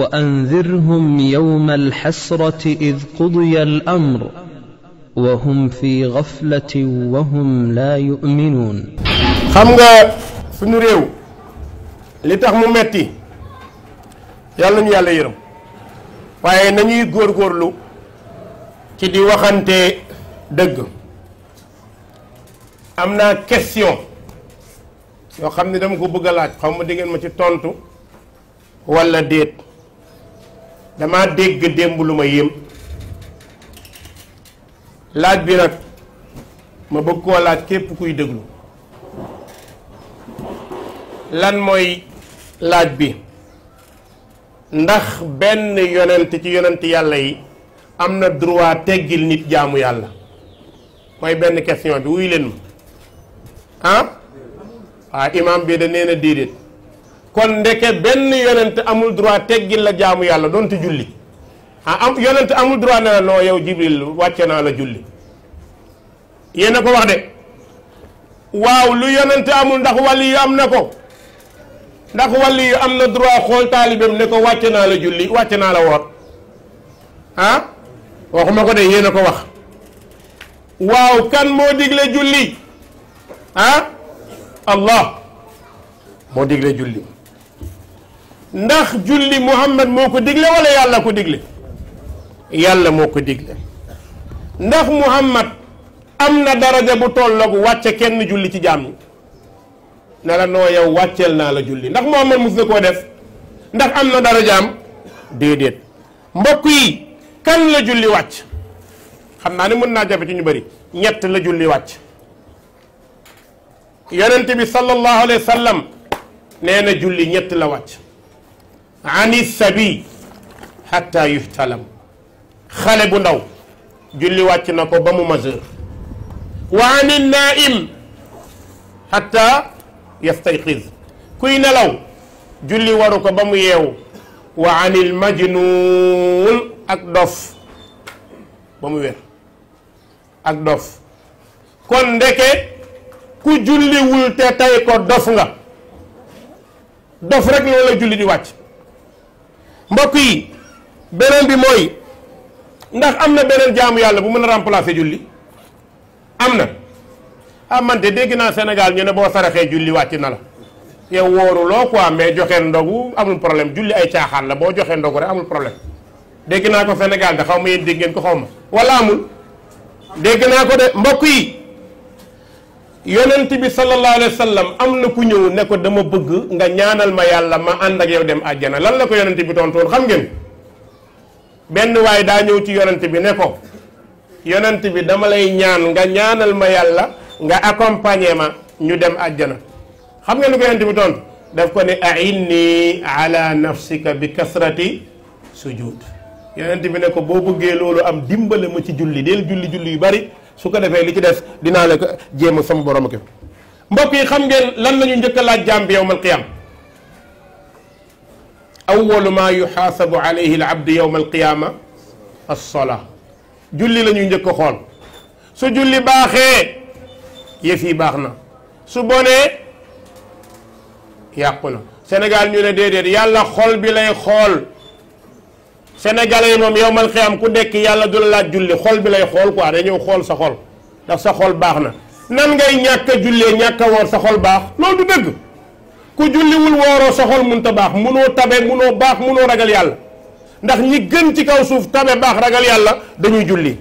وانذرهم يوم الحسره اذ قضي الامر وهم في غفله وهم لا يؤمنون خمغا سونو ريو لي تخ مو متي يالا ني يالا ييرم واي ناني غور غورلو تي دي وخانتي دغ امنا كيسيون يو خامني دام كو بوغ لاج خامو ديغن ما سي تونتو ولا ديت damaa dégg démb lu ma yéem laaj bi nag ma bëgg koo laaj képp kuy déglu lan mooy laaj bi ndax benn yonent ci yonent yàlla yi am na droit teggil nit jaamu yàlla mooy benn question bi wuy leen ma ah waaw imaam bi da nee na déedéet kon ndeke benn yonent amul droit teggil la jaamu yàlla doon te julli ah am yonent amul droit ne la non yow jibril wàcce naa la julli yéen a ko wax de waaw lu yonent amul ndax wàlli yu am na ko ndax wàlli yu am na droit xool taalibeem ne ko wàcce naa la julli wàcce naa la woor waxuma ko de yéen a ko wax waaw kan moo digle julli ah allah moo digle julli ndax julli muhammad moo ko digle wala yàlla ko digle yàlla moo ko digle ndax muhammad am na daraja bu tolloog wàcce kenn julli ci jàmm na la noo yow wàcceel naa la julli ndax muhammad mus na koo def ndax am na am déedéet mbokk yi kan la julli wàcc xam naa ne mën naa jafe ci ñu bari ñett la julli wàcc yonent bi sallallahu alayhi wa sallam nee na julli ñett la wàcc an sabi hatta yuhtalam xale bu ndaw julli wàcc na ko ba mu majeur wa an naim hatta yastayqiz kuy nelaw julli waru ko ba mu yeewu wa anil majnuun ak dof ba mu wér ak dof kon ndeke ku julliwul te tay ko dof nga dof rek loola julli di wàcc mbokk yi beneen bi mooy ndax am na beneen jaamu yàlla bu mën a remplacer julli am na ah man de dégg naa Sénégal ñu ne boo saraxee julli wàcc na la yow wooruloo quoi mais joxe ndogu amul problème julli ay caaxaan la boo joxee ndogu rek amul problème dégg naa ko Sénégal da xaw ma yéen dégg ko xaw ma wala amul dégg naa ko de mbokk yi yonent bi sallallahu alayhi wa sallam am na ku ñëw ne ko dama bëgg nga ñaanal ma yàlla ma ànd ak yow dem àjjana lan la ko yonent bi tontoon xam ngeen benn waaye daa ñëw ci yonent bi ne ko bi dama lay ñaan nga ñaanal ma yàlla nga accompagner ma ñu dem àjjana xam ngeen lu ko yonent bi tontu daf ko ne ainni ala nafsika bi kasrati sujud yonent bi ne ko boo bëggee loolu am dimbale ma ci julli del julli julli yu bari su ko defee li ci des dinaa la ko jéem sama borom ko mbokk yi xam ngeen lan lañu ñu njëkk a laaj jaam bi yowmal qiyam awalu ma yuxaasabu alayhi al abdu yowmal qiyama assola julli lañu ñuy njëkk xool su julli baaxee yëf yi baax na su bonee yàqu na Sénégal ñu ne déedéet yàlla xol bi lay xool sénégalais yi moom yow mal am ku dekk yàlla du la laaj julli xol bi lay xool quoi ñëw xool sa xol ndax sa xol baax na nan ngay ñàkk a jullee ñàkk a woor sa xol baax loolu du dëgg ku julliwul wooroo sa xol mun baax munoo tabe munoo baax munoo ragal yàlla ndax ñi gën ci kaw suuf tabe baax ragal yàlla dañuy julli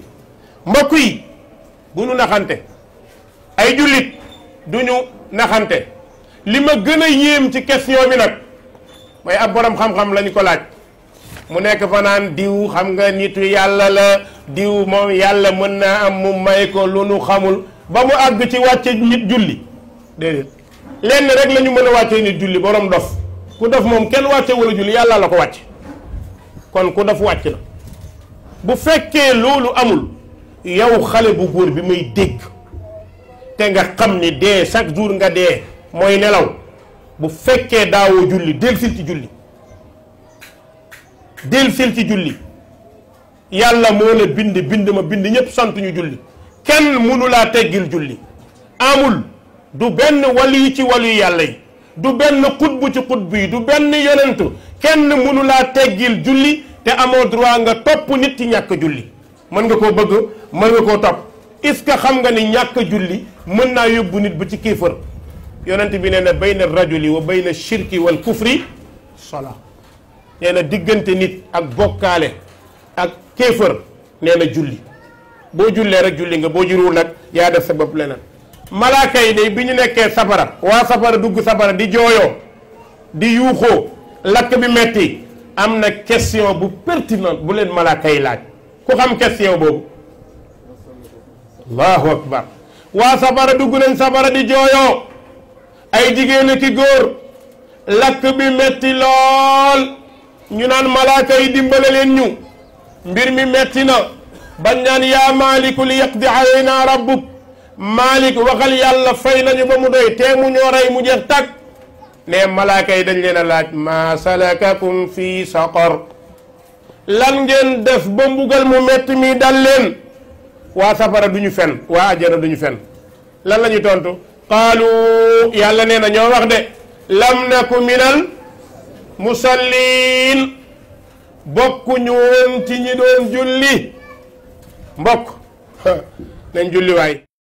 mbokk yi bu ñu naxante ay jullit du ñu naxante li ma gën a yéem ci question bi nag mooy ab borom xam-xam lañu ko laaj mu nekk fa naan diw xam nga nitu yàlla la diw moom yàlla mën naa am mu may ko lu nu xamul ba mu àgg ci wàcce nit julli déedéet lenn rek la ñu mën a wàccee nit julli borom dof ku dof moom kenn wàcce wala julli yàlla la ko wàcce kon ku dof wàcc na bu fekkee loolu amul yow xale bu góor bi may dégg te nga xam ni dee chaque jour nga dee mooy nelaw bu fekkee daawoo julli dellusil ci julli del sel ci julli yàlla moo la bind bind ma bind ñëpp sant ñu julli kenn mënu laa teggil julli amul du benn waliyu ci waliyu yàlla yi du benn xutbu ci xutbu yi du benn yonent kenn mënu laa teggil julli te amoo droit nga topp nit ci ñàkk julli mën nga koo bëgg mën nga koo topp est-ce que xam nga ni ñàkk julli mën naa yóbbu nit bu ci kéefër yonent bi nee na bayna rajuli wa bayna shirki wal kufri salaa nee diggante nit ak bokkaale ak kéefër nee na julli boo jullee rek julli nga boo jurul nag yaa def sa bopp leneen malaaka yi day bi ñu nekkee safara waa safara dugg safara di jooyoo di yuuxoo lakk bi metti am na question bu pertinent bu leen malaaka yi laaj ku xam question boobu allahu akbar waa safara dugg nañ safara di jooyoo ay jigéen ki góor lakk bi metti lool ñu naan malaaka yi dimbale leen ñu mbir mi metti na bañ naan yaa maaliku li yaqdi alayna rabbuk maalik waxal yàlla fay nañu ba mu doy tee mu ñoo mu jeex tàkk ne malaaka yi dañ leen a laaj maa salakakum fi saqar lan ngeen def ba mbugal mu metti mi dal leen waa safara duñu fen waa ajjana duñu fen lan lañu tontu qaalu yàlla nee na ñoo wax de lam naku minal musalliin bokkuñu woon ci ñi doon julli mbokk nañ julli waay